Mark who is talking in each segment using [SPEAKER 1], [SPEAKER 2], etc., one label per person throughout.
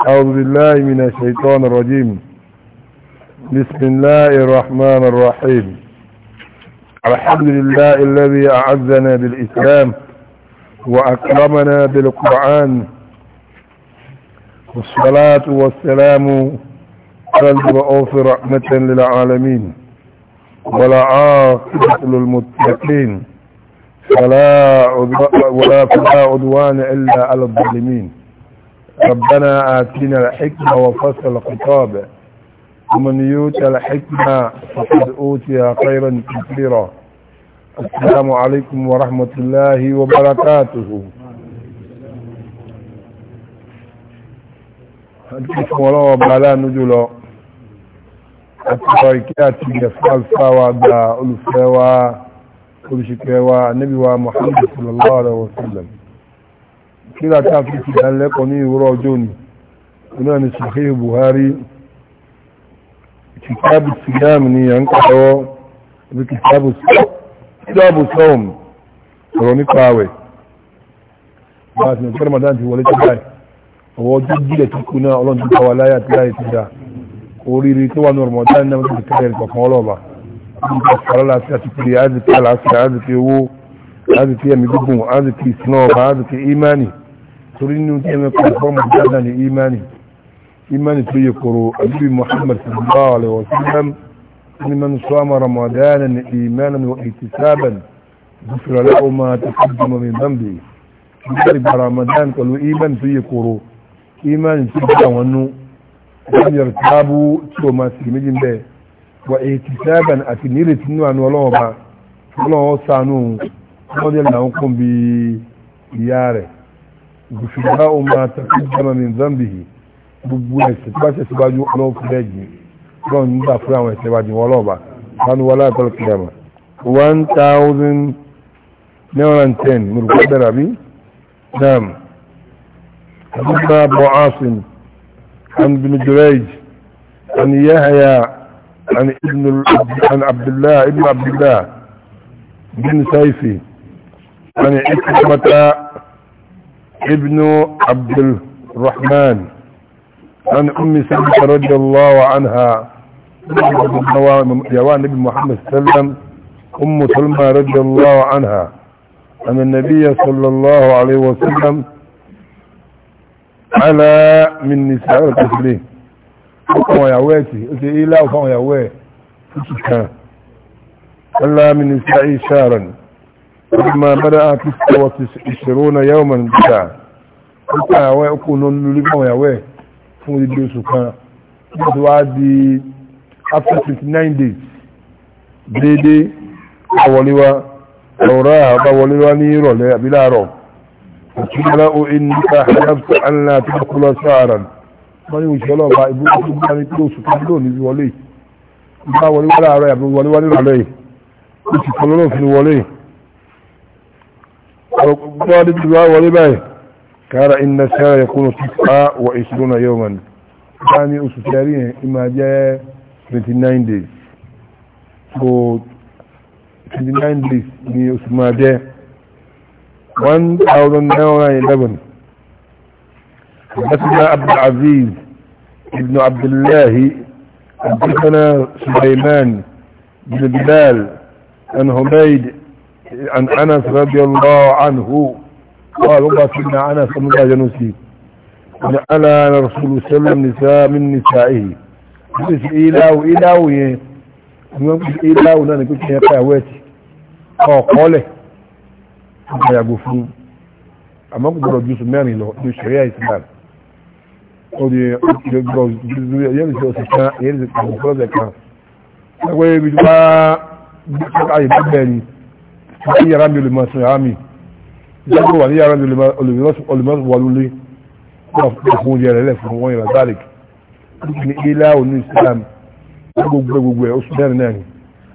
[SPEAKER 1] أعوذ بالله من الشيطان الرجيم بسم الله الرحمن الرحيم الحمد لله الذي أعزنا بالإسلام وأكرمنا بالقرآن والصلاة والسلام على المبعوث رحمة للعالمين ولا عاقبة للمتقين ولا فلا عدوان إلا على الظالمين ربنا آتنا الحكمة وفصل خطابه ومن يوت الحكمة فقد أوتي خيرا كثيرا السلام عليكم ورحمة الله وبركاته الحكم الله وبلا نجل التبركات يفعلفا وعبا ألفا وعبا كل شكوى النبي محمد صلى الله عليه وسلم kíra tí a fi ti dánilẹ́kọ̀ọ́ ní ìwúrọ̀ ọjọ́ òní iná ni Sahih Buhari kìtàbù siyam ni à ń kàwọ́ ibi kìtàbù sọ́ọ̀m ọ̀rọ̀ nípa àwẹ̀ bá a sì ní kí Ramadan ti wọlé tó báyìí ọwọ́ ọjọ́ jílẹ̀ tó kú náà ọlọ́run ti bá wa láyé àti láyé ti dá oríire tó wà ní Ramadan náà ti kẹ́rẹ̀ ìkọ̀kan ọlọ́ọ̀bà nípa farala àti àti kiri àti kí àlàáfíà àti kí owó àti kí ẹ̀mí gbígbùn àti kí ìsinà ọba àti kí ìmánì torí nínú tí ẹmẹ pàtàkì dáadáa ní imani imani tó yẹ koro abubi muhammad sallallahu alaihi wa sallam ni man sọ́mà ramadana ní imanin wa itisaban bufira lẹ́kọ̀ọ́ ma ta kọ́dùmọ̀ mi bambe nígbàrí ba ramadan pẹ̀lú imani tó yẹ koro imani tó yẹ àwọn nú wọ́n yẹ tábú tí o ma sì méjì ń wa itisaban àti nírètí nínú àánú ọlọ́wọ́ ba ọlọ́wọ́ sànú wọ́n yẹ gùfìdáwò máa tàbí jẹ́mọ̀ ní zambihi gbogbo ẹ̀ṣẹ̀ tí bá ṣe síwájú ọlọ́wọ́ fúnlẹ̀ jìn lọ́n nígbà fún àwọn ẹ̀ṣẹ̀ wájú wọn lọ́ọ̀bà wọn wọlé àtọ́lù kìlẹ̀mà one thousand nine hundred and ten mùrùkú bẹ̀rẹ̀ àbí dam àdúgbò bọ̀ asin an bin jurej an yahya ibn an abdullah ibn abdullah bin saifi an ikrimata ابن عبد الرحمن عن أم سلمة رضي الله عنها جوان ابن محمد صلى الله عليه وسلم أم سلمة رضي الله عنها أن النبي صلى الله عليه وسلم على من نساء الكفرين فقوا ويتي قلت إيه لا فقوا يا فقوا يعواتي من نساء شارا لما بدأ تسعة وتسعون يوما بتاع بتاع ويكون للمو يا وي فون دي بيوسو كان بعد after 29 days dédé àwọlíwá ọ̀rá àbáwọlíwá ní ìrọ̀lẹ́ àbí láàárọ̀ òtúnlá o inúkà hafta anna tí ó kúlọ sáàràn wọ́n ni òṣèlú ọba ìbúkú tó bá ní pé oṣù tó lò ní wọlé ìbá wọlíwá láàárọ̀ àbí wọlíwá nírọ̀lẹ́ ó ti kọlọ́rọ̀ fún wọlé وقال الدعاء ولباية قال إن الشهر يكون تسعة وعشرون يوما يعني أسفارين إما جاء 29 days so 29 days من oṣù máa jẹ́ 1911 حدثنا عبد العزيز ابن عبد الله حدثنا سليمان بن بلال عن حميد عن أنس رضي الله عنه قال الله سيدنا أنس رضي الله جنوسي أن ألا رسول وسلم نساء من نسائه بس إيلاو إيلاو يه بس إيلاو نانا كنت يبقى ويتي أو قوله أبقى يقفون أما قدروا جوس ماني لو دو شريعة إسلام ودي قدروا جوس يلزي وسكا يلزي وسكا يلزي وسكا يلزي وسكا يلزي وسكا يلزي وسكا ní yàrá mi olùmọ̀ sí yàrá mi ìjọba wà ní yàrá mi olùmọ̀ wọlúlé fún oúnjẹ rẹ̀ lẹ́fún wọn yàrá dalek ní ilá òní Islam gbogbo gbogbo ẹ̀ oṣù mẹ́rin náà ni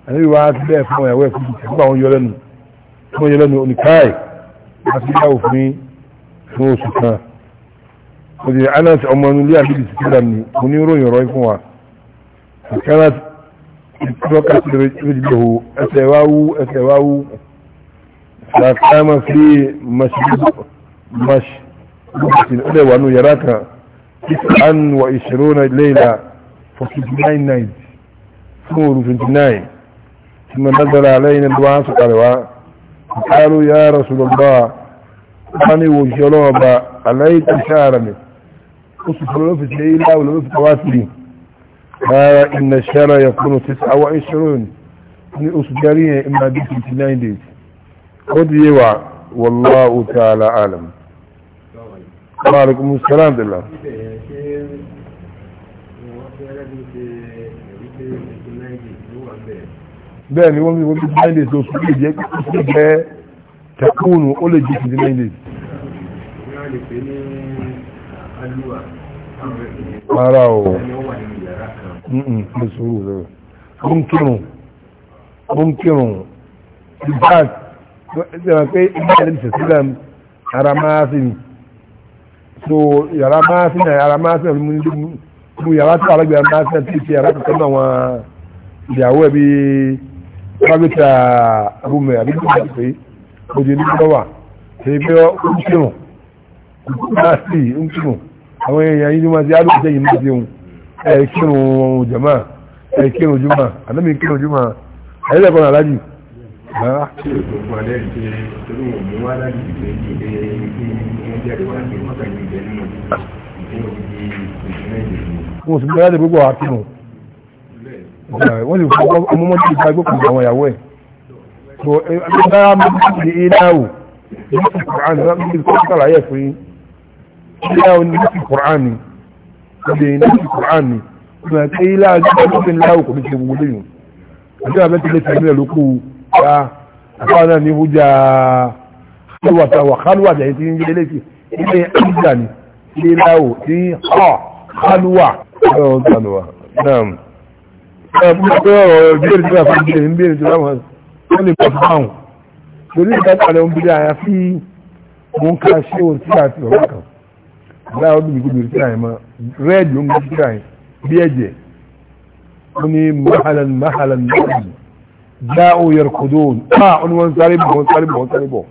[SPEAKER 1] àníbi wá sí bẹ́ẹ̀ fún ìyàwó ẹ̀fún ìtì fún àwọn yọlẹ́nu fún yọlẹ́nu oníkáì àti ìyàwó fún fún oṣù kan òdì anas ọmọ inú ilé àbíbi sí kílám ni mo ní ròyìn ọ̀rọ̀ fún wa kàkánà ìtọ́ka sí rẹ̀ ẹsẹ̀ wá wú ẹsẹ̀ wá wú فقام في مشروب مش الأولى وأنه يراك تسعا وعشرون ليلة for 29 nights فور 29 ثم نزل علينا الوعاس قالوا قالوا يا رسول الله أني وجلوبا عليك شارني أصف الوفة ليلة والوفة تواتلي قال إن الشارع 29 29 days ودي والله تعالى أعلم وعليكم السلام بالله bẹ́ẹ̀ ni wọ́n ní wọ́n bí nine days lóṣù lè jẹ́ kí ó jẹ́ takúnù ó lè jẹ́ kìí nine days ara o mọ̀ sọ́rọ̀ rẹ̀ ó ìjọba pé ìgbàlẹ̀ ìṣẹ̀sílẹ̀ ara máa sí ni so yàrá máa sí ni ara máa sí ni mo ní mo yàrá tó àlọ́gbẹ̀ ara máa sí ni tí ìṣe yàrá kankan náà wọn ìyàwó ẹ̀ bí pàbíta rúmẹ̀ àbí bí wọ́n pè é ojú ní lọ́wà ṣe pé ó ń kírun máa sí ń kírun àwọn èèyàn yìí ni wọ́n ti àdúgbò sẹ́yìn máa ṣeun ẹ̀ kírun jàmáà ẹ̀ kírun jùmọ̀ àdàmì kírun jùmọ̀ àyẹ̀lẹ̀ kan aláàjì rárá. mo sì gbọ́dọ̀ gbogbo àkínú wọ́n sì fọ́ ọmọmọdé ìgbà gbọ́kùn àwọn ìyàwó ẹ̀ so ẹgbẹ́ra mọ́kànlá ní iláwò ní kùrán ní láti kọ́ sàlàyé fún yí iláwò ní láti kùrán ní ọdẹ ní láti kùrán ní ọdẹ iláwò ní láti kùrán ní ọdẹ iláwò kò ní ṣe gbogbo lẹ́yìn
[SPEAKER 2] àti àbẹ́tẹ̀lẹ́sẹ̀ ní
[SPEAKER 1] ẹ̀lókù ya àtàwọn náà ní hújà kálùwàtà wà kálùwàtà yìí ti ń gbé létí ilé ìjà ni ilé láwò tí họ kálùwà ọ̀rọ̀ kálùwà náà ẹ̀ẹ́dẹ́gbẹ́ ọ̀rọ̀ ìbéèrè tí wà fún ìbéèrè ń béèrè tí wà wọ́n lè pọ̀ fún àwọn torí ìdájọ́ àlẹ́ ń bílẹ̀ àyà fi mú ká ṣé ohun tí a ti ọ̀rọ̀ kan láwọn ọdún ìgbìgbì tí a yẹn mọ́ rẹ́ẹ̀dì ó ń gbé tí a yẹn bí ẹ̀jẹ̀ ó ní mahalan mahalan mahalan dáwò yẹrkùdùn máa ó ní wọ́n sáré bọ̀ wọ́n sáré bọ̀ wọ́n sáré bọ̀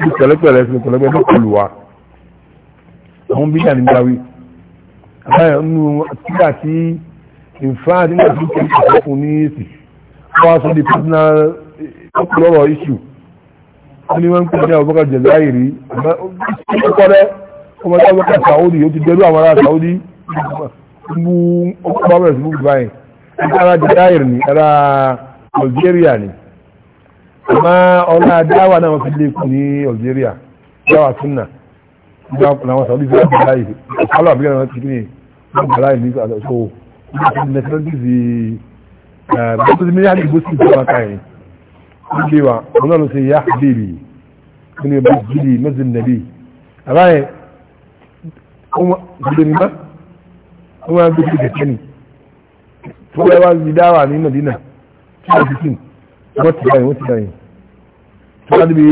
[SPEAKER 1] ní pẹ̀lẹ́pẹ̀lẹ́ sí pẹ̀lẹ́pẹ̀ ní kọlù wa àwọn bí yàn nígbà wí àbáyọ̀ nínú tíga tí ìfáàdì nígbà tí kò kò fún ní èsì wọ́n wá sọ di personal ọ̀pọ̀lọpọ̀ issue wọ́n ní wọ́n mú ọkọ̀ bá bẹ̀rẹ̀ sí mú Dubai ẹ̀ka ara jẹ̀láìrí ni ara Algeria ni àmọ́ ọlá dáwà náà wọ́n fi lè kù ní Algeria dáwà súnà nígbà làwọn sàbí fi láti láì ìpàlọ́ àbíkẹ́ náà ti kíni wọ́n gbà láì ní àtọ́sọ́ nígbà tí nẹ́tẹ́lẹ́tì fi bọ́tú mi ní àdìgbò sí ìjọba káyìn ó gbé wa wọn náà ló ṣe yá bèbè ó ní bá jìlì mẹ́sìn nàbí àbáyé ọmọ ìdílé nígbà ó máa ni tó 2015 wọ́n ti báyìí wọ́n ti báyìí wọ́n á débi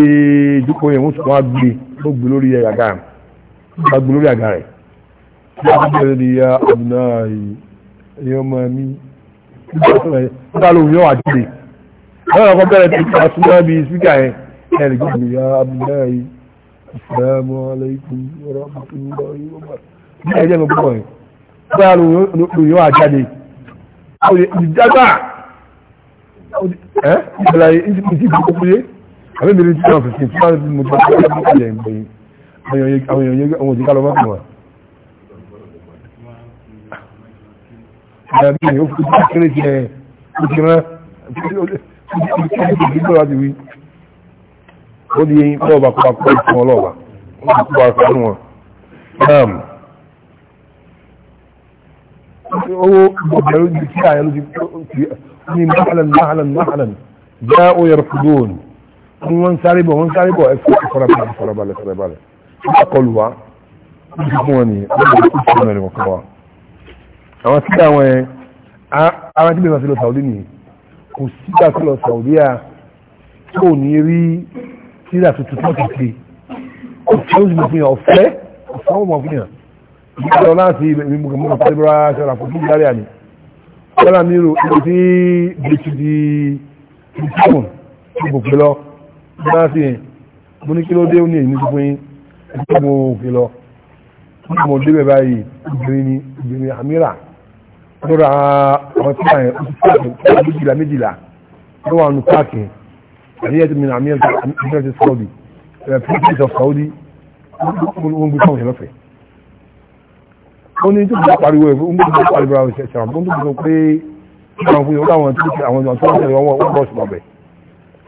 [SPEAKER 1] ìjókòó yẹn wọ́n ti wọ́n á gbé ó gbé lórí àga rẹ̀ wọ́n á gbé lórí àga rẹ̀ wọ́n á bẹ̀rẹ̀ ní ya àbùnà ẹ̀yọ́ ọmọ mi wọ́n dá lóhùn yóò wá dìde wọ́n lọ́kọ́ bẹ̀rẹ̀ tí wọ́n súnmọ́ bí síkà yẹn ẹ̀rì gbé mi ya àbùnà yìí asalaamu alaykum wa rahmatulahi wa barakatuh. bí ẹ̀jẹ̀ mi gbọ́ yẹn wọ́n dá lóhùn yóò wá jáde ìjágbá ẹ́ ìgbàláyé ìsìnkú ìgbàláyé yé àbí mi ní two thousand fifteen two thousand mo ti bá ọjọ́ ìgbàláyé ìgbàláyé àwọn èèyàn yẹn owó ìgbàláyé ló ti مهلا مهلا مهلا جاءوا يركضون wọ́n sáré bọ̀ wọ́n sáré bọ̀ ẹ̀fọ́ ìfọ́rabalẹ̀ ìfọ́rabalẹ̀ ìfọ́rabalẹ̀ ìfọ́kọlù wa fún wọn ni wọ́n lè kú fún ẹ̀rìn ọ̀kan wa àwọn tí àwọn ẹ̀ ara tí bẹ́ẹ̀ máa ti lọ Saudi nìyí kò sígbà tó lọ Saudi à tó ní rí síra tuntun tó ti ṣe ọ̀fẹ́ ó sì mọ̀ fún yàn ọ̀fẹ́ ọ̀fẹ́ ó mọ̀ fún yàn ìgbà lọ láti mímú kẹ́mọ́ yọ́la mírò ibi tí bìtì di ìtìmọ̀ ìgbòkè lọ náà sí yẹn mo ní kí ló dé ó ní èyí ní fún yín ìtìmọ̀ òkè lọ mo débẹ̀ báyìí obìnrin ni obìnrin àmìrà tó ra àwọn tí àyẹ̀ ó ti pààkì méjìlá méjìlá ló wà nù pààkì àyẹ̀ ti mìíràn àmìrà ti sọ́ọ̀dì ẹ̀ pínpín ìtọ̀ sọ́ọ̀dì wọ́n gbé fún ìlọ́fẹ̀ẹ́ ó ní tó bá pariwo ẹ̀ ń gbọ́dọ̀ pariwo àwọn ìṣẹ̀ṣẹ̀ àwọn tó bá pé àwọn fún yọ̀ọ́ àwọn tó ti àwọn ọ̀tọ́ ọ̀tọ́ ìwọ̀n wọ́n bọ̀ sí bàbẹ̀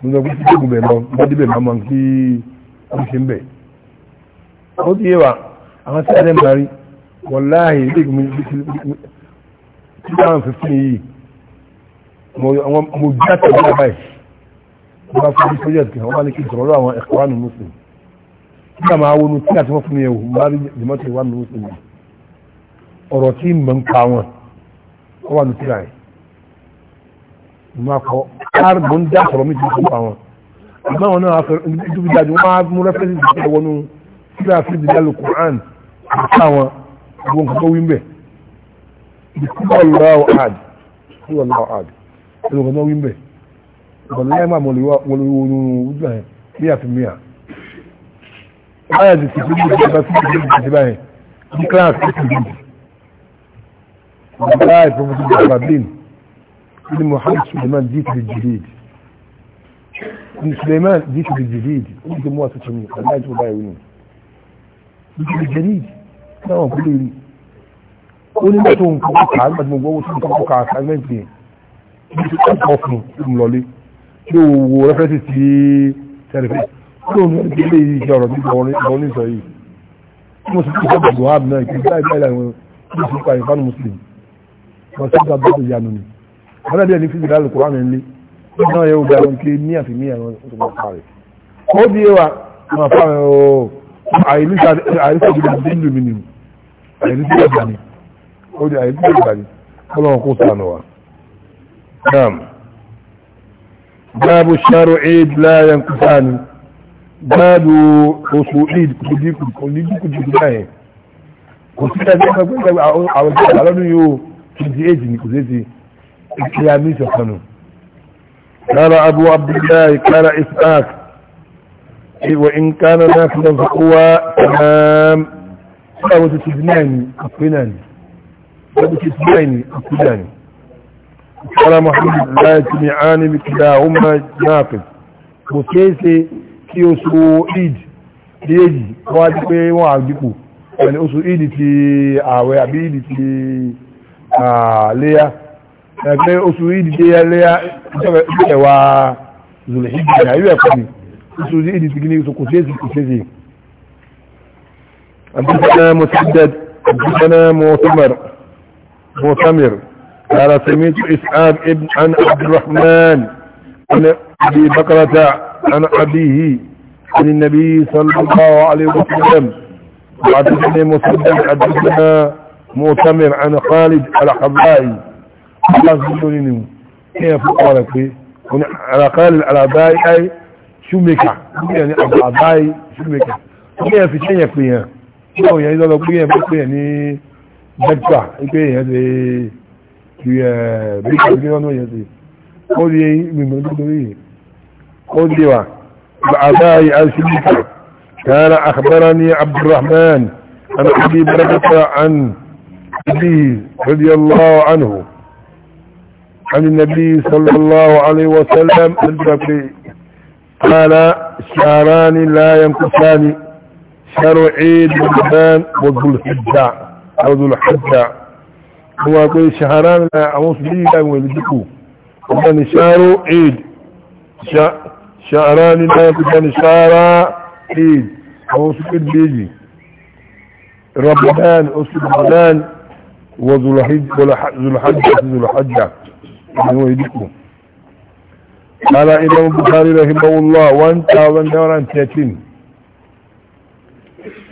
[SPEAKER 1] mo sọ pé tí tó gùnbẹ̀ lọ bá débẹ̀ máa máa kí ó ṣe ń bẹ̀. ó ti yé wa àwọn sí ẹ̀rẹ́ máa rí wọláhì ilé ìgbìmọ̀ tí wọ́n fi fún yìí mo bí àtàwọn ọ̀gá mo bá fún mi project kan wọ́n bá ní kí n àwọn ẹ̀kọ́ wánu muslim kí mi ọ̀rọ̀ tí mọ̀ ń ka wọn ọ wà ní tíra ẹ̀ máa kọ káàrì mọ̀ ń dá sọ̀rọ̀ mi ti fún pa wọn àmọ́ wọn náà fẹ́ níbi dájú wọn á mú rẹ́fẹ́sì ti fẹ́ wọnú tíra fi di dálò Qur'an àtà wọn gbogbo nǹkan tó wí ń bẹ̀ bí kúbọ̀ lọ́wọ́ àd kúbọ̀ lọ́wọ́ àd gbogbo nǹkan tó wí ń bẹ̀ ìbọn láì máa mọ̀lẹ́ wọlé wọnú ojú ẹ̀ bí àfi mìíà báyà ti fi bí ìjọba báyìí ní kíláàsì tó ti dùn بلاي بروفيسور جبابيل ابن محمد سليمان جيت بالجديد ابن سليمان جيت بالجديد ابن مواسى شميع الله يجب باي وين جيت بالجديد لا هو كل يوم قولي ما تون كوكا عالما تمو تون كوكا عالما تي جيت أطفن ملولي شو رفعتي تي تعرفي كلهم يرجع لي يجارة دي بوني سعيد مسلم كتاب الوهاب نايك لا يبقى لهم مسلم كايفان مسلم wọ́n ti gba bọ́ọ̀lù ìyanu ni ọ̀rẹ́ bíi ẹni fi ìdílé alùpùpù àmì ńlẹ̀
[SPEAKER 2] náà yẹ obìnrin àwọn
[SPEAKER 1] kí ní àfi ní ẹ̀rọ tó máa fa rẹ̀ ó di ewa máa rẹ̀ o àìrísà ìdílé àti ìlú mi ni o àìrísà ìdílé ni ó di àìrísà ìdílé ni ó lọ́wọ́ kó sànù wa. باب الشهر عيد لا ينقصان باب وصول عيد كل دي كل دي كل دي كل دي كل دي كل دي كل دي twenty eight ni kò sí ti ìkíyà mí sọ̀kanu. قال أبو عبد الله قال إسحاق وإن كان نافذا فهو تمام فهو تسجناني أقناني فهو تسجناني أقناني قال محمد لا يجمعان بكلاهما نافذ وكيسي كيوسو إيد ليجي وادي وعدكو يعني أسو إيد في آوي عبيد في léyà ẹgbẹ́ أسويد ليا léyà ìjọba zulhijjá ayé ẹ̀kọ́ ni أسويد ìdíje kìíní oṣù kò ṣeéṣe kò ṣeéṣe حدثنا مسدد حدثنا مؤتمر مؤتمر قال سميت اسعاد ابن عن عبد الرحمن عن ابي بكرة عن ابيه عن النبي صلى الله عليه وسلم
[SPEAKER 2] وحدثني مسدد حدثنا
[SPEAKER 1] مؤتمر عن خالد الحبائي الله سبحانه كيف قال فيه على خالد الحبائي أي شو مكع يعني الحبائي شو مكع كيف تشيك فيها أو يعني إذا لو بقية بقية يعني دكتة إيه هذا يا بيك بيك أنا يا زي قول لي من بدري قول لي وا
[SPEAKER 2] الحبائي
[SPEAKER 1] أي شو مكع كان أخبرني عبد الرحمن عن حبيب ربك عن النبي رضي الله عنه عن النبي صلى الله عليه وسلم قال شهران لا ينقصان شهر عيد رمضان وذو الحجة أو ذو الحجة هو يقول شهران لا أموس بي لا يولدكو وكان شهر عيد شهران لا ينقصان شهر عيد أموس بيجي رمضان أسر رمضان وذو الحجة ذو الحجة ذو يعني الحجة قال إمام البخاري رحمه الله وانت وانت وانت تاتين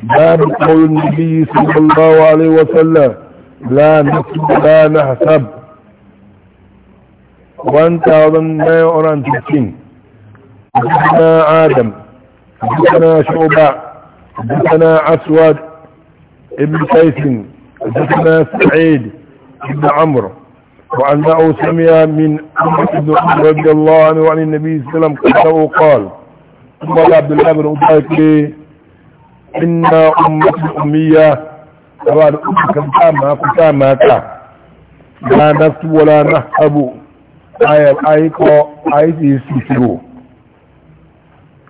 [SPEAKER 1] باب قول النبي صلى الله عليه وسلم لا نكتب لا نحسب وانت وانت وانت تاتين حدثنا آدم حدثنا شعبة حدثنا أسود ابن سيسن حدثنا سعيد بن عمرو وأنه سمع من عمر بن عمر رضي الله عنه وعن النبي صلى الله عليه وسلم قال ثم قال عبد الله بن أبيك لي إن أمة أمية وقال أمك الكامة كامة لا نفس ولا نحب آية آية آية يسيسرو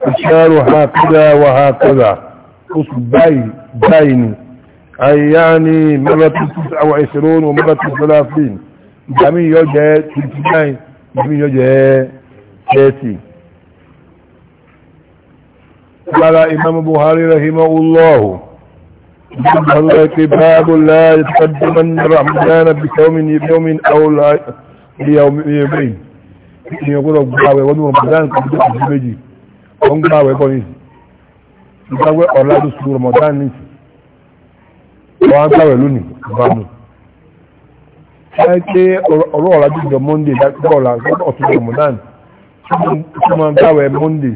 [SPEAKER 1] الشعر هكذا وهكذا أصل باين بايني أي يعني مرة تسعة وعشرون ومرة ثلاثين جميع يوجه تلتين جميع يوجه تلتين قال إمام بخاري رحمه الله باب لا يتقدم رمضان بيوم يوم أو لا بيوم يومين يقول أبو ونور رمضان كبير في الجمجي ونقاوة يقول إذا أولاد سلو رمضان نسي wọ́n á gbàwẹ̀ lónìí bá mú ṣáà pé ọ̀rọ̀ ọ̀la jíjọ monday lágbàá ọ̀la ọ̀tún ramadan tó máa gbàwẹ̀ monday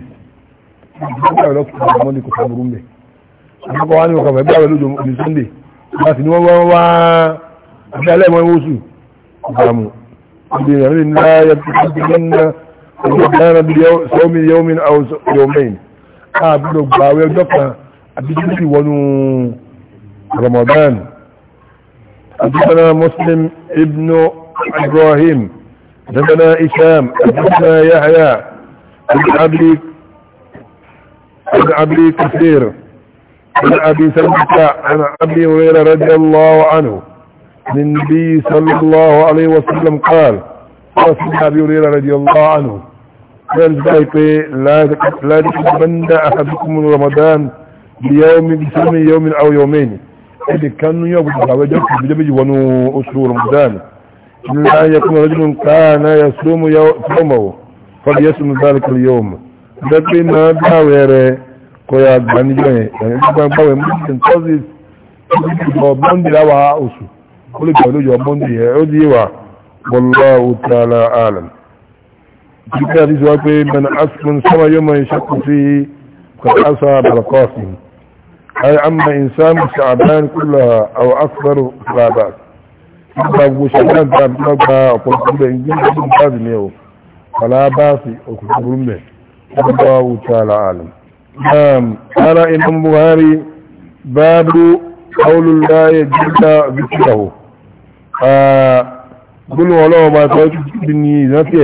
[SPEAKER 1] gbàwẹ̀ lọ́kùnrin monday kò sábúrú mbẹ̀ àkọ́kọ́ wa ní ọkọ̀ fẹ́ gbàwẹ̀ lójó ní sunday wọ́n sì ní wọ́n wá àbí alẹ́ mọ́ oṣù bá ọdún ìrìn àmì ńlá yẹ kí ti gbé ńlá ọjọ́ ìdáná bí sọ́mi yẹ́wọ́mi àwọn yọ̀ọ́mẹ́yìn رمضان حدثنا مسلم ابن ابراهيم حدثنا هشام حدثنا يحيى عن ابي عن ابي كثير عن ابي سلمة عن ابي هريره رضي الله عنه عن النبي صلى الله عليه وسلم قال رسول ابي هريره رضي الله عنه قال لا لا تتمنى احدكم رمضان بيوم بسم يوم او يومين ẹ̀dì kan ní yọ́ gbogbo àwọn ẹjọ́ kìí méjì wọnú oṣù Ramadan ńlá yẹkùn rajulun kana yasumu yawmahu falyasum dhalika al-yawm dẹ́pẹ́ máa gbáwẹ̀ rẹ̀ kọ́ ya gbà níjọ́ yẹn ẹ̀yìn gbogbo gbáwẹ̀ mọ́sílẹ̀ tọ́sí ìgbà bọ́ndì láwà oṣù ó lè gbà lójọ bọ́ndì yẹn ó di wà wallahu ta'ala alam Ìgbésẹ̀ àti ìṣòwò pé Bẹ̀nà Asmun sábà yóò máa ń أي عم إنسان شعبان كلها أو أكثر فلابات gbogbo ṣẹ̀dán tí a bí lọ́gbà ọ̀pọ̀lọpọ̀ ìgbìn tó ń bá ní ẹ̀wọ̀ falábáàsì òkùnkùn mẹ́ gbogbo àwùjọ aláàlùm. ara iná buhari báábú aululaye jíta vikirahu gúnú ọlọ́wọ́ bá tọ́ ti ní ìrántí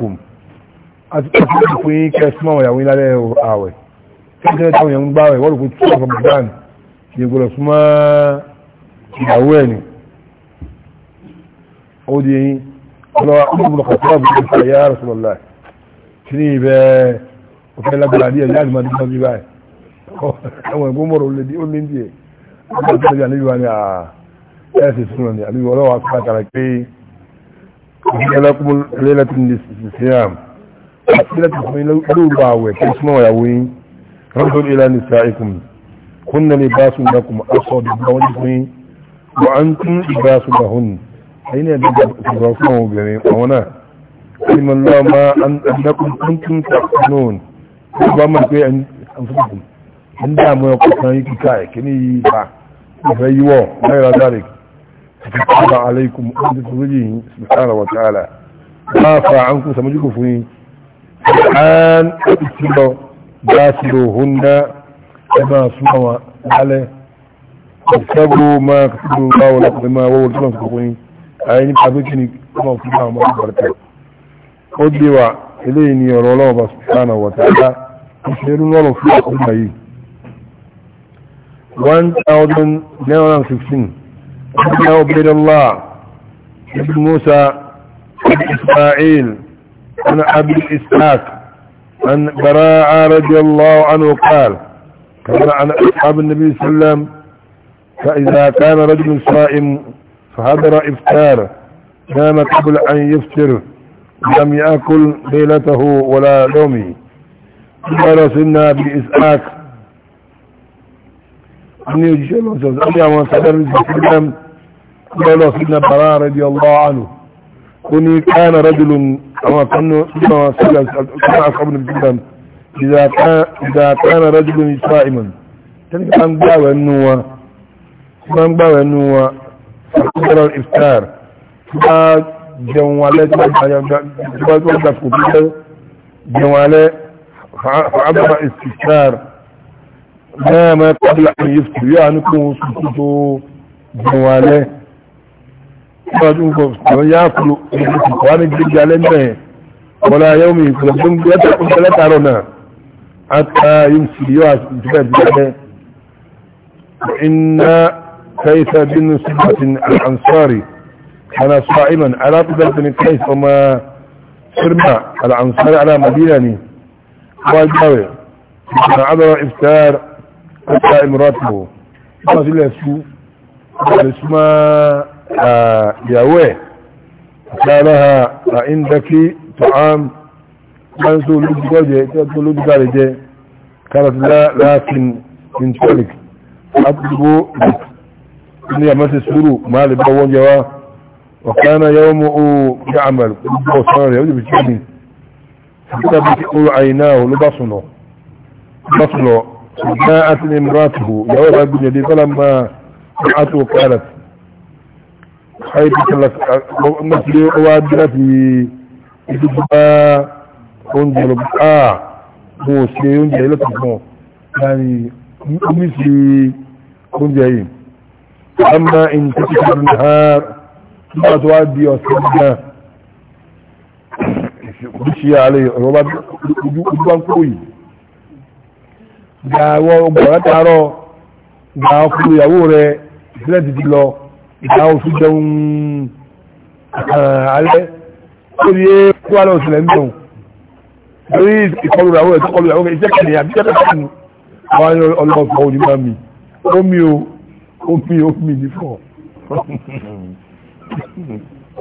[SPEAKER 1] ẹ̀ àti pàtàkì pé kẹsìmọ̀ ìyàwó ìlàlẹ̀ ààwẹ̀ tẹ́tẹ́ táwọn èèyàn ń gbá rẹ̀ wọ́n rò pé tí wọ́n Ramadan lè gbọ́dọ̀ súnmọ́ ìyàwó ẹ̀ ni ó di eyín ọlọ́wà ọmọbùnà kọ̀tọ́ bí i ṣe yára sọ̀rọ̀ láì kí ní ibẹ̀ òfin lágbára díẹ̀ ní àdìmọ́ àdìmọ́ bí báyìí ẹ̀wọ̀n ìgbó mọ̀rọ̀ ó lé díẹ̀ ọjọ́ ìjọba àlejò wa ni à ah, ẹ̀ sì súnmọ́ ni àlejò ọlọ́wà kọ́ àtàrà pé ìjọba lẹ́lẹ́tì ní sísíàmù أسئلة تسمين لوبا وكسما ويوين ردوا إلى نسائكم كن لباس لكم أصد بوجهين وأنتم لباس لهن أين يجب تبرفون بني أونا علم الله ما أن أنكم كنتم تحسنون ربما في أنفسكم عندما يقصنا يكتاي كني با يفيوا غير ذلك فتتابع عليكم أن تتوجيه سبحانه وتعالى ما فعلكم سمجكم فيه الآن اتلو باسلوهن كما سموا عليه اكتبوا ما كتبوا الله لكم ما هو الكلام سكوني أين أبكني كما سمع ما أخبرته قدوا إليني يرى الله سبحانه وتعالى يشيرون الله في أمه 1915 أبو عبد الله ابن موسى ابن إسماعيل عن أبي إسحاق عن براعة رضي الله عنه قال كان عن أصحاب النبي صلى الله عليه وسلم فإذا كان رجل صائم فحضر إفطار نام قبل أن يفطر لم يأكل ليلته ولا يومه قال ابي اسحاق أن يجيش الله سبحانه وتعالى وأن صدر براء رضي الله عنه كني كان رجل أما كانوا كما كما أصحاب النبي صلى إذا كان إذا كان رجل صائما كان أن باوى النوى أن باوى النوى فقدر الإفطار جوالات جوالات وقت كتير جوالات فعبر استفسار ما ما قبل أن يفتر يعني كون سكوته جواله علينا ولا يومي فلسلم يتعقل لا تعرنا حتى يمسي يواس انتباه بجانه وإن كيس بن سبعة الأنصاري كان صائما على قدر بن كيس وما سرمى الأنصاري على مدينة
[SPEAKER 2] واجهوه كان
[SPEAKER 1] عذر إفتار حتى امراته ما الله سوء قال ìyàwó ẹ̀ lára àìndẹ́kí tọ́ám láńsó olójúgbọ́jẹ́ tó olójúgbàrẹ̀ jẹ́ kárọ̀tílá láàfin intolic àtúgbò ní àmọ́sí sùúrù máa lè bá wọ́n jẹwa ọ̀kánà yàwó mọ́ o ní àmàl gbogbo ọ̀sán rẹ̀ ó jẹ́ bìtí ní ìgbà bí kí oòrùn àìná ò ló bá xaydi kala nafli waa dirafi iduba oúnjẹ a mo ò ṣe oúnjẹ ilé kankan láàrin omi sí oúnjẹ yìí amma di ọ̀sẹ̀ nígbà oríṣi àlẹ́ ọ̀rọ̀ bá ojú bá ń kó yìí gbà wọ ọgbà látàárọ̀ gbà ọkùnrin ìyàwó rẹ̀ ìfẹ́lẹ̀ ti lọ ìdáwó fi jẹun alẹ́ ó ní kó alẹ́ òsìlẹ̀ ń dùn lórí ìkọlù ìyàwó ẹ̀ tó kọlù ìyàwó ẹ̀ ìjẹ́kẹ̀lẹ̀ ìyàbí jẹ́kẹ̀kẹ̀ nù àwọn ọlọ́ọ̀fọ̀ òní máa mi ó mi ó ó mi ó mi ní fọ̀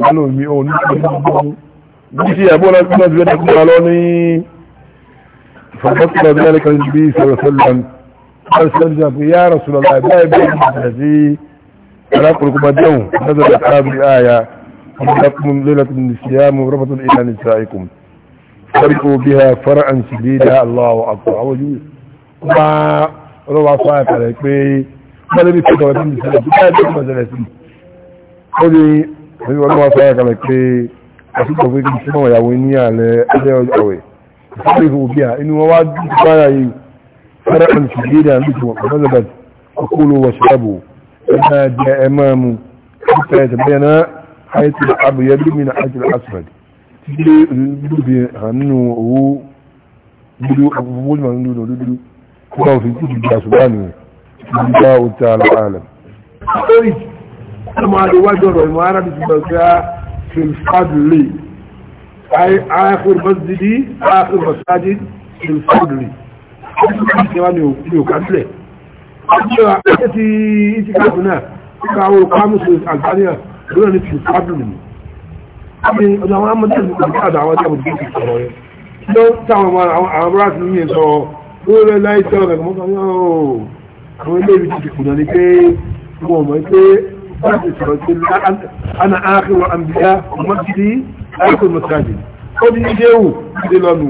[SPEAKER 1] lọ́nà mi ò ní kí ní kí يا رسول الله alákùnrin kuma dẹ́hùn lọ́dọ̀ da káàbí àyà ọmọdékùn lélàtí ní síyámù rọ́bàtún ìlà ní sàáìkùn farko bí ha fara an sì dé dá aláwọ̀ àkọ́ àwọn yìí kuma rọ́bà fún àtàrẹ pé mọ́lẹ́ bí fẹ́kọ̀ọ́ tó ní sílẹ̀ bí káà tó mọ̀ sẹlẹ̀ sí ó ní rọ́bà fún àtàrẹ pé àtúntò pé kí sọ́mọ̀ ìyàwó ní alẹ́ alẹ́ ọ̀wẹ̀ farko bí ha inú wọn wá dúpọ̀ yìí fara an sì dé dá ina da imamu ta yi bayyana haitu abu ya bi mina haitu asfad títí lóbi hannu owó dúdú abubuwan mọ̀ nínú dúdú kuma òfin títí bí asùgbà ni nígbà òtà al'alam orí ọmọ àdíwájú ọ̀rọ̀ ìmọ̀ ara bí ṣùgbọ́n sí filfadley ayakùn masjidi ayakùn masajid filfadley ọdún ìjọba ni òkú àdúrà ẹ̀ ti ìtìkàtù náà nípa àwọn olùkọ́mùsù àgbáníà lónà ní ti fábùlù ni àmì ọ̀nà àwọn amọ̀dé ìgbàdà àwọn tí a bòjú ti sọ̀rọ̀ yẹn ló táwọn àwọn ará ti yẹn sọ lórí láì tẹ́lọ̀ rẹ̀ mọ́tò ní ọ̀rọ̀ àwọn ilé ìbí ti kùnà ní pé wọ́n mọ̀ pé wọ́n ti sọ̀rọ̀ sí ana ákìrọ̀ àmbíyá mọ́tìdí ákìrọ̀ mọ́tàdì ó ní ilé ewu ilé lọ́nu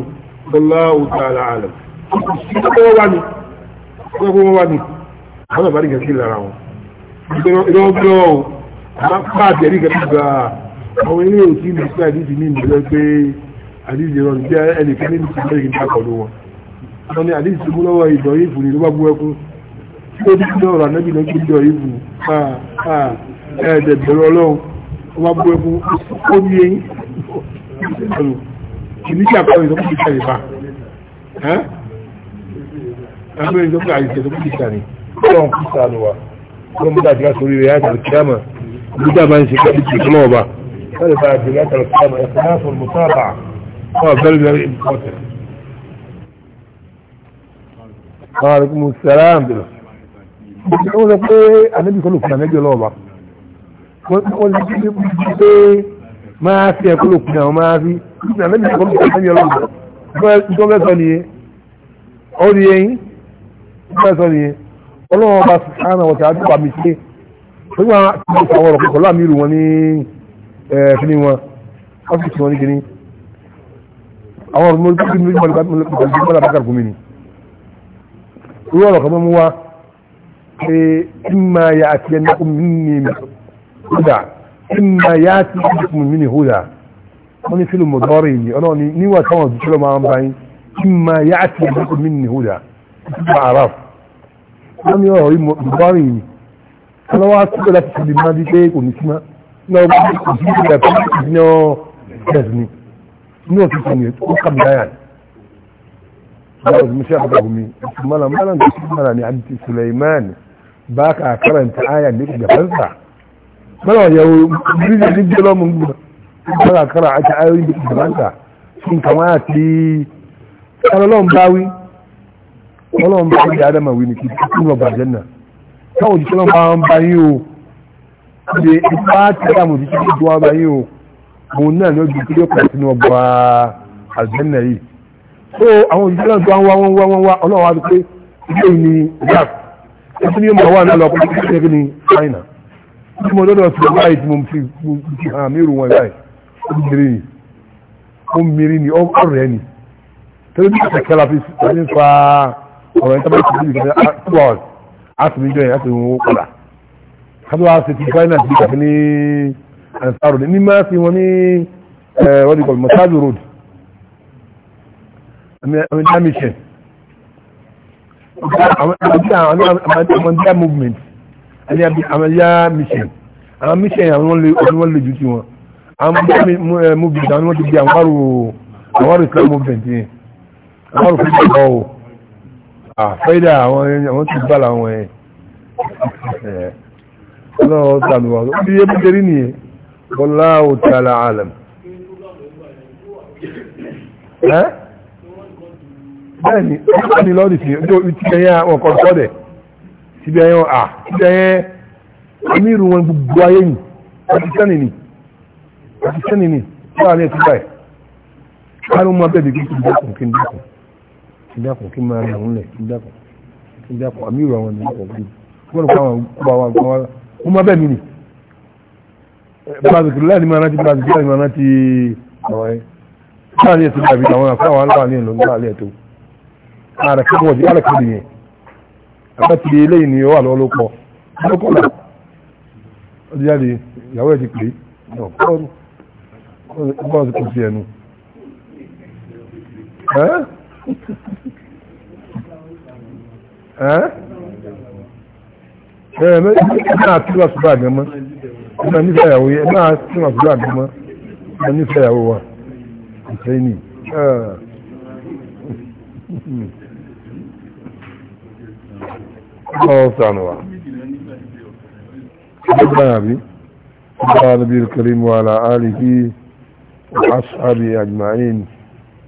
[SPEAKER 1] àwọn àbárí nǹkan sí lára wọn ìdọ́gbọ́ bá àtẹ̀rí nǹkan gbà àwọn ilé òtí ìlú sí àdíjì ní ìmọ̀lẹ́ pé àdíjì rọ̀ ní jẹ́ ẹnìkan ní ìsìn lẹ́yìn nípa pẹ̀lú wọn wọn ni àdíjì ti mú lọ́wọ́ ìdọ̀ yìí fún ní ló bá bú ẹkún tí ó dúdú ọ̀rọ̀ ànábì lọ́gbẹ́ ìdọ̀ yìí fún ẹ̀ẹ́dẹ̀bẹ̀rẹ̀ ọlọ́run ó bá bú ẹkún ó ní eyín ìníṣẹ́ àpẹẹrẹ ìsọ́kùn ìṣẹ́ ìbá ẹgbẹ́ ìsọ́kùn àìsẹ̀ ìsọ́kùn ìṣẹ́ ìbá ọlọ́run kú sànù wa ọlọ́run mú dàjẹ́ sórí rẹ̀ yàtọ̀ kíámà bídà máa ń ṣe káàdì tó náà ọba lọ́dẹ̀ bá jẹ́ yàtọ̀ kíámà ẹ̀sẹ̀ náà fún mùsáàbà wà very very important. maaleykum salaam bila. wọ́n sọ pé anabi kọ́ ló fún anabi ọlọ́ọ̀ba wọ́n sọ pé máa fi ẹ̀kọ́ ló fún àwọn máa fi anabi kọ́ ló fún anabi ọlọ́ọ̀ba wọ́n sọ pé nìyẹn ó di yẹn wọ́n sọ nìyẹn ọlọ́wọ́ bá sàánà wọ̀tí àdúgbà mi ṣe tó gbà tí ó àwọn ọ̀rọ̀ pẹ̀lú àmìrù wọn ní ẹ̀ẹ́fìní wọn ọ́fíìsì wọn ní kìíní àwọn ọ̀rọ̀ mọ́lẹ́ pẹ̀lú méjì mọ́lẹ́ pẹ̀lú pẹ̀lú mọ́lẹ́ bákàrù gómìn ni irú ọ̀rọ̀ kan mọ́ mú wa pé ìmà ya àti ẹnìkún mi ní hódà ìmà ya àti ẹnìkún mi ní hódà wọ́n ní fílùmù dọ́rì ni ọlọ́run ni níwà táwọn òṣìṣẹ́ lọ́ máa ń báyìí ìmà ya àti ẹnìkún mi ní hódà ìtura àràfù wọ́n ní ọ̀rọ̀ yìí bùbárì yìí aláwọ̀ àtúntò láti fi máa di pé kò ní sí máa náà wọ́n ti kò sí ìgbà tó ti di náà bẹ̀rẹ̀ ni ní òtún kan yẹn ó kàmì láyà ni. báwo ni mo ṣe àbúrò mi ẹ̀sùn mọ́nà mọ́nà tó ti mọ́nà ni àti Suleiman bá ka karanta aya ne ga fansa mọ́nà yau bí ne ní jẹ́ lọ́mù gbọ́ bá ka karanta aya ne ọlọ́run bá ní adama wí ní kí kí lọ bàjẹ́ náà káwọn òjíṣẹ́ náà bá ń bá yín o ṣe ipá tí káwọn òjíṣẹ́ náà tó wá bá yín o òun náà ní ọjọ́ ìpínlẹ̀ ọkọ̀ sínú ọgbà àjẹ́nà yìí so àwọn òjíṣẹ́ náà tó wá wá wá wá wá ọlọ́run wá pé ilé yìí ni gap ẹtí ní ọmọ wa náà lọ pé kí ṣe ní China tí mo lọ́dọ̀ sí ọgbà yìí tí mo fi hàn mí rù wọn báyìí ó mìíràn ni ó mìíràn ni ọ̀rẹ́ ni tẹ́lẹ̀ bí kàkẹ́ la fi fa ọ̀rọ̀ ẹ̀ta bá ti bí ìgbà two hours àti níjọ yẹn àti wọn padà kátó wá sí ti finance bí ansaro ní máa fi wọn ní wọ́n di kọ̀ọ̀mù sáájú road ẹ̀mí dá mission amadiya movement ẹni amadiya mission àwọn mission àwọn wọn lè ju ti wọn àwọn amadiya movement àwọn wọn ti di àwọn wàrú islam movement yẹn àwọn wàrú fún ìgbà ọ̀ àfẹ́dà ah, àwọn ẹ̀yàn ti bá láwọn ẹ̀ eh, ọlọ́wọ́ tàbíwà ó bí yẹ́ bẹ́tẹ̀rí ni wallahu ta'ala alam eh? bẹ́ẹ̀ni ọkọ̀ ni lọ́dì sí ọjọ́ ìtìkẹyà ọkọ̀ sọ́dẹ̀ síbẹ̀ ẹ̀yàn à síbẹ̀ ẹ̀yẹn amíru wọn gbogbo ayé yìí ọdí sẹ́ni ni ọdí sẹ́ni ni láàrin ẹ̀ ti báyìí káàrùn-ún máa bẹ̀ẹ̀dì kí n dákùn kí n dákùn ìdákùn kí máa rẹ̀ òun lẹ̀ ìdákùn àmì ìrọ̀ àwọn ìdákùn kí wọ́n kọ́ àwọn kọ́ àwọn kan wá mo bẹ́ẹ̀ mi nì brazil láti máa rántí brazil láti máa rántí ọ̀rọ̀ ẹ̀ sáà ní ẹ̀sìn dàbí àwọn àfáwọn aláwọ̀ ní ìlú nígbà alẹ́ tó ààrẹ kí wọ́n di alẹ́ kí nìyẹn àbátí eléyìí ni ó wà lọ́wọ́ ló ẹ máa tí wà sùgbà gan mọ́ ẹ máa nífẹ̀ẹ́ ìyàwó yẹ ẹ máa tí wà sùgbà gan mọ́ ẹ máa nífẹ̀ẹ́ ìyàwó wa ìfẹ́ ni ọ̀ sànù wa ọgbà àbí ọgbà àbí kìrìmù àlà àríkì ọ̀hásàbí àjùmáyé ni